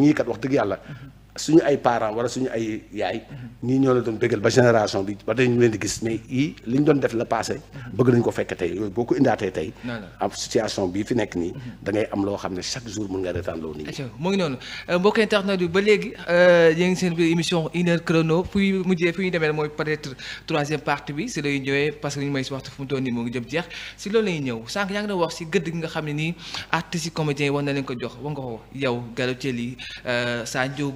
ñii kat wax dëgg yàlla suñu ay parents wala suñu ay yaay ñii ñoo la doon dëggal ba génération bi ba tey ñu leen gis ne yii li ñu doon def la passé bëgg nañ ko fekk tey boo ko indaatee tey am situation bii fi nekk nii da am loo xam ne chaque jour mën nga retaan loo nit euh, euh, mooy peut-être troisième bi si lay ñëwee parce que ñu may si waxtu fu mu toll nii moo ngi jëm jeex si loolu ñëw sànq ngi doon wax si gëdd gi nga xam ne nii artistes yi comédiens yi na leen ko jox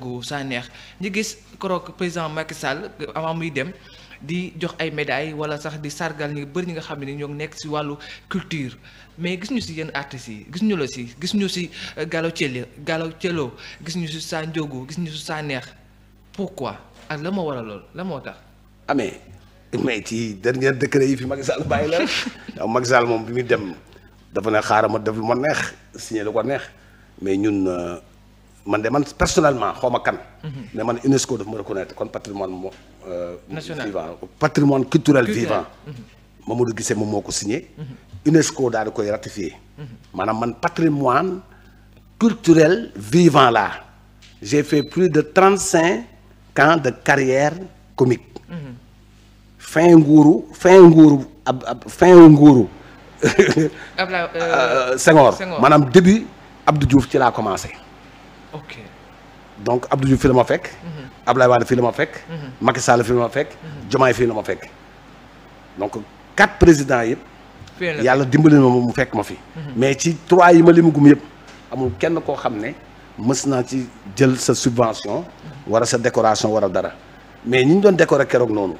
war saa neex ñu gis koroog président Macky Sall avant muy dem di jox ay médailles wala sax di sargal ñu bëri ñi nga xam ne ñoo ngi nekk si wàllu culture mais gis ñu si yenn artistes yi gis ñu si gis ñu si euh, Gallo Thiel Gallo Thielo gis ñu si Sa Ndiogou gis ñu si Sa Neex pour pourquoi ak la moo waral lool la moo tax. amee ah, mais ci dernier décret yi fi Macky Sall bàyyi la ndax moom bi muy dem dafa ne xaaral ma def lu ma neex signé lu ko neex mais ñun. Euh, man de man personnellement xawma ma kan. Mhm. mais man UNESCO daf ma reconnaître kon patrimoine mo euh, national vivant patrimoine mhm. moom moo ko signé. Mhm. UNESCO daal di koy ratifié. maanaam man patrimoine culturel vivant laa. j'ai fait plus de trente cinq ans de carrière comique. fin nguuru fin nguuru ab fin nguuru. Ablaye euh, euh, maanaam début Abdou ci laa commencé. ok donc Abdou Diouf fi ma fekk. Ablaye Wade fi la ma fekk. Macky Sall fi la ma fekk. Mhm. Mhm. Diomaye fi la ma fekk donc quatre présidents yëpp. yàlla dimbali ma mu fekk ma fi. Mhm. mais ci trois yi ma li gum yëpp amul kenn koo xam ne mës naa ci jël sa subvention. wala sa décoration wala dara mais ñu doon décorer keroog noonu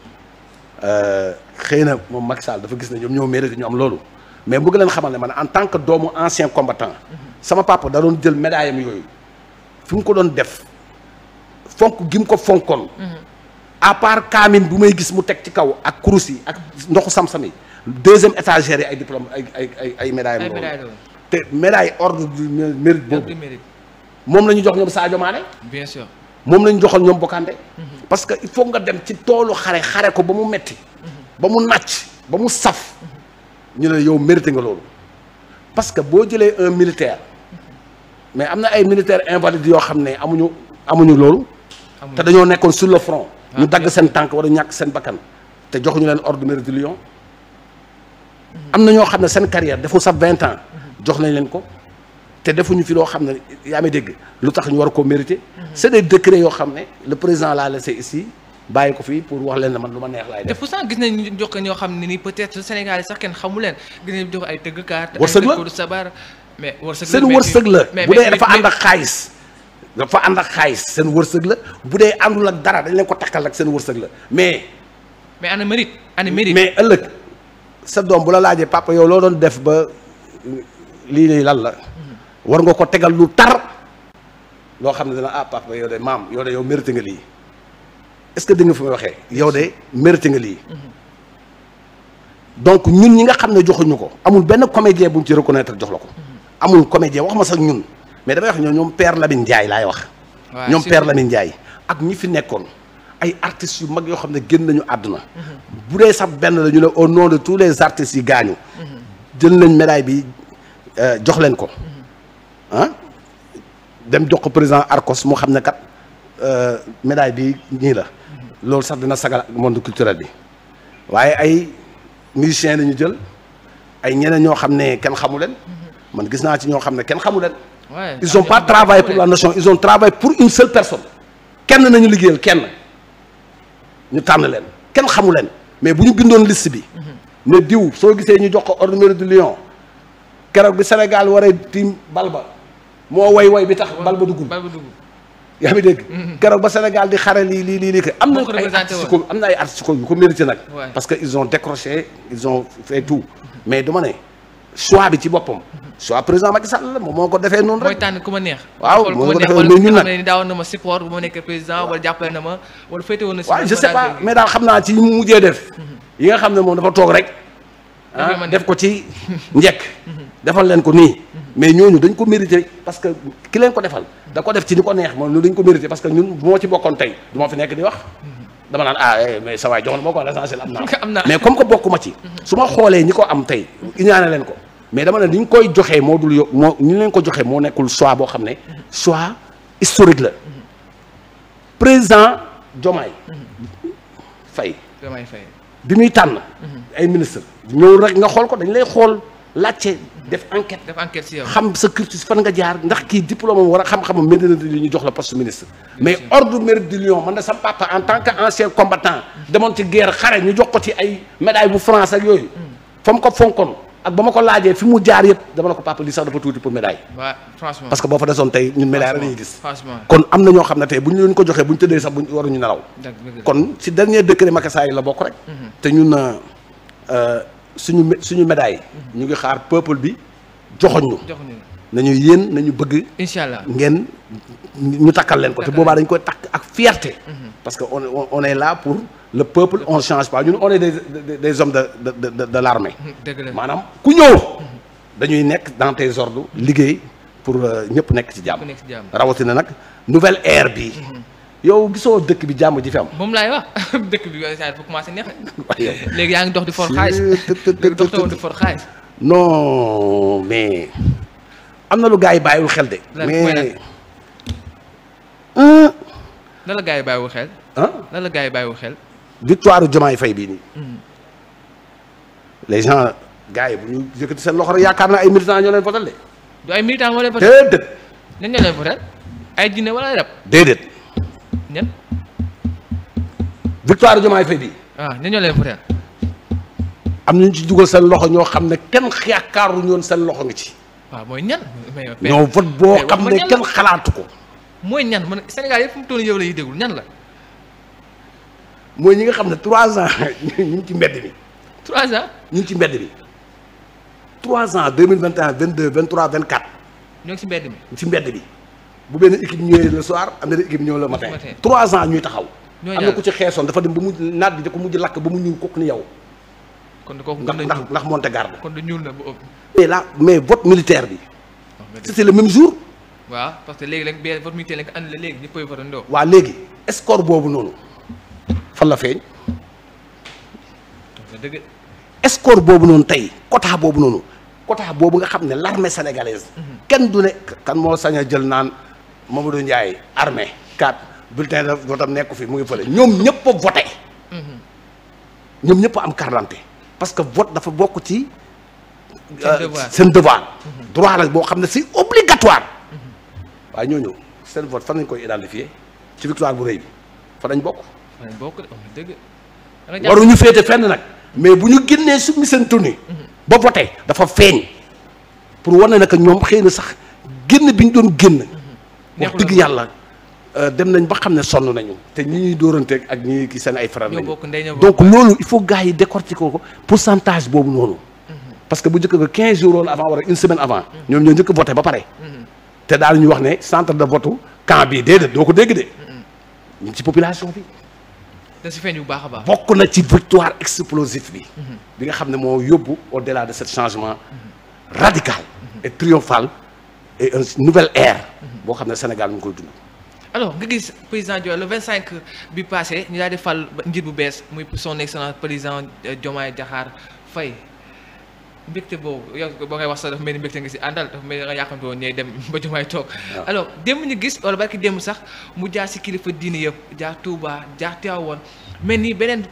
euh, xëy na moom Macky Sall dafa gis ne ñoom ñoo mérite ñu am loolu. mais bëgg leen xamal ne man en tant que doomu ancien combattant. sama papa da doon jël yooyu. fi mu ko doon def fonk gi mu ko fonkoon à part kaamin bu may gis mu teg ci kaw ak kurus yi ak ndoxu sam-sam yi deuxième étagère yi ay diplôme ay ay ay ay médaille te médaille ordre du mérite boobu moom la ñu jox ñoom Sadio Mané bien moom lañu joxoon ñoom Bokande mhm. parce que il faut nga dem ci toolu xare xare ko ba mu metti mhm. ba mu nàcc ba mu saf mhm. ñu ne yow mérité nga loolu parce que boo jëlee un militaire mais am na ay militaires invalides yoo xam ne amuñu amuñu loolu. te dañoo nekkoon sur le front. Ah, ñu dagg seen tànk wala ñàkk seen bakkan te joxuñu leen ordre mérite Lion. am na ñoo xam ne seen carrière defu sax vingt ans jox nañ leen ko te defuñu fi loo xam ne yaa ngi dégg lu tax ñu war koo mérité. Mm-hmm. c' est des décrets yoo xam ne le président l'a laissé ici bàyyi ko fii pour wax leen ne man lu ma neex laay def. te pourtant gis nañ ñu jox ko ñoo xam ne ni peut être Sénégal sax kenn mais wërsëg la seen wërsëg la bu dee dafa ànd ak xaalis. dafa ànd ak xaalis seen wërsëg la bu dee àndul la dara dañ leen ko takkal ak seen wërsëg la mais. mais ana mérite ana mais ëllëg sa doom bu la laajee papa yow loo doon def ba lii lii lan la. Mhm. war nga ko tegal lu tar loo xam ne dina ah papa yow de maam yow de yow mérite nga lii est-ce que dégg nga fi may waxee yow de mérite nga lii. Mhm. donc ñun ñi nga xam ne joxuñu ko amul benn comédien bu ñu ci reconnaître jox la ko. amul comédien wax ma sax ñun mais damay wax ñoo ñoom Père Lamine Ndiaye laay wax. ñoom Père Lamine njaay ak ñi fi nekkoon ay artist yu mag yoo xam ne génn nañu àdduna. bu dee sax benn la ñu ne au nom de tous les artistes yi gaañu. jël nañ médaille bi euh, jox leen ko. ah dem jox ko président Arcos moo xam ne kat euh, médaille bi ñii la. loolu sax dina sagal monde culturel bi waaye ay musiciens la ñu jël ay ñeneen ñoo xam ne kenn xamu leen. man gis naa ci ñoo xam ne kenn xamu leen. ils ont pas travaillé pour la nation ils ont travaillé pour une seule personne. kenn nañu liggéeyal kenn ñu tànn leen kenn xamu leen mais bu ñu gindoon liste bi. Mhm. ne diw soo gisee ñu jox ko ordre numéro du lion keroog bi Sénégal waree tiim bal ba moo way way bi tax bal ba duggul. yaa ngi dégg. Mhm. keroog ba Sénégal di xare lii lii lii lii am na ay artistes am na ay artistes yu ko mérité nag. parce que ils ont décroché ils mais dama ne choix bi ci boppam. soit président Macky Sall ko defee noonu rek. mooy tànn na ma support bu ma nekk président wala ma naa mhm. ah, def. ko ci njekk mhm. defal leen ko nii. Mhm. mais ñooñu dañ ko mérité parce que leen ko defal. da ko def ci ni ko neex moom dañ ko mérité parce que ñun bu ma ci bokkoon tey du ma fi nekk di wax. dama naan ah eh, mais na ma comme que bokkuma ci. su ma xoolee ñi ko am tey. ñaane leen ko mais dama ne ni ñu koy joxee moo dul yo moo ni leen ko joxee moo nekkul choix boo xam ne choix historique la président Diomaye Faye di Faye bi muy tànn ay ministre ñëw rek nga xool ko dañ lay xool laajte def enquête def enquête si yow xam sa cursus fan nga jaar ndax kii diplôme am war a xam-xamam mérite na ñu jox la poste ministre mais ordre mérite du lion man na sa papa en tant que ancien combattant demoon ci guerre xare ñu jox ko ci ay médaille bu France yooyu mm. fa ko fonkoon ak ba ma ko laajee fi mu jaar yëpp dama la ko papa lii sax dafa tuuti pour médaille. waaw franchement parce que boo fa desoon tey ñun médaille la ñuy gis. kon am na ñoo xam ne tey bu ñu leen ko joxee bu ñu tëddee sax bu ñu waruñu nelaw. kon si dernier décret Macky Sall la bokk rek. Mhm. te ñun euh, suñu suñu médaille. Mhm. ñu ngi xaar peuple bi joxoñ ñu. nañu yéen nañu bëgg. ngeen ñu takkal leen ko. te boobaa dañ koy takk ak fierté. Mhm. parce que on on est là pour. le peuple on change pas ñu on est des des hommes de de de l'armée maanaam ku ñëw dañuy nekk dans tes ordres liggéey pour euh, ñëpp nekk ci jàmm rawatina nag nouvelle ère bi mhm. yow gisoo dëkk bi jàmm ji fi am. moom laay wax dëkk bi saa dafa commencé neex léegi yaa ngi dox di for xaalis léegi dox di for xaalis non mais am na lu gars yi bàyyiwul xel de. mais lan la gaay yi bàyyiwul xel. ah lan la gars yi bàyyiwul xel. victoire Diomaye Faye bii nii. Mm. les gens yi bu ñu yëkkati seen loxo rek yaakaar naa ay militants ñoo leen votal de. du ay militants moo leen votal déedéet. nañ ay jinne wala ay rab. déedéet. ñan. victoire Diomaye Faye bii. waaw ah, nañ ci dugal seen loxo ñoo xam ne kenn yaakaaruñu woon seen loxo nga ci. waaw ah, mooy ñan. ñoo vote boo xam ne kenn xalaatu ko. mooy ñan man Sénégal yëpp fu mu toll yow la ñuy déglu ñan la. mooy ñi nga xam ne trois ans ñu ngi ci mbedd bi trois ans ñu ngi ci mbedd mi trois ans deux mille vingt et un vingt deux vingt trois vingt quatre. ñoo ngi ci mbedd bi bu benn équipe ñëwee le soir am na équipe ñëw le matin trois ans ñuy taxaw. am na ku ci xeesoon dafa dem ba mu naat bi da ko mujj lakk ba mu ñuul kooku ni yow. kon kooku ndax ndax ndax monte garde. kon ñuul na ba ëpp. mais là vote militaire bi. c'était le même jour. waaw parce que léegi nag vote militaire lañ ko ànd la léegi ñu koy boobu noonu. fan la feeñ score boobu noonu tey quota boobu noonu quota boobu nga xam ne l'armée sénégalaise mhm. kenn du ne kan moo sañ a jël naan Mamadou Ndiaye armée 4 bulletin de votam nekku fi mu ngi fële ñoom ñëpp a mhm. ñoom ñëpp am carte parce que vote dafa bokk ci seen euh, devoir mhm. droit la boo xam ne c'est obligatoire waaye ñooñu seen vote fan lañ koy identifier ci victoire bu rëy bi fa lañ bokk nañ bokk de wax oh, dëgg. waruñu féete fenn nag mais bu ñu génnee summi seen tenue mhm. ba voté dafa feeñ pour wane na que ñoom xëy na sax génn bi ñu doon génn. Mhm. wax dëgg yàlla euh, dem nañ ba xam ne sonn nañu. te ñi ñuy dóoranteeg ak ñu ki seen ay faral nañu donc loolu il faut gars yi décortiquer ko pourcentage boobu noonu. Mhm. parce que bu jëkk nga 15 jours woon avant wala une semaine avant. ñoom ñoo njëkk voté ba pare. te daal ñu wax ne centre de vote camp bii déedéet doo ko dégg de. ñu ci population bi. da si feeñ bu baax a baax bokk na ci victoire explosive bi. bi nga xam ne moo yóbbu au delà de ce changement radical et triomphal et une nouvelle ère. boo xam ne Sénégal mu ngi koy dund. alors nga gis président Diomaye le 25 ñu daal di fal bu bees muy son excellence président Diomaye Diakhar Faye. mbégte boobu yow ba ngay wax sax dafa mel ni mbégte nga si àndal dafa mel nga yàqante woon dem ba toog alors démb ñu gis wala barki démb sax mu jaar si kilifa diin yëpp jaar Touba jaar Tivaouane mm-hmm. mel ni beneen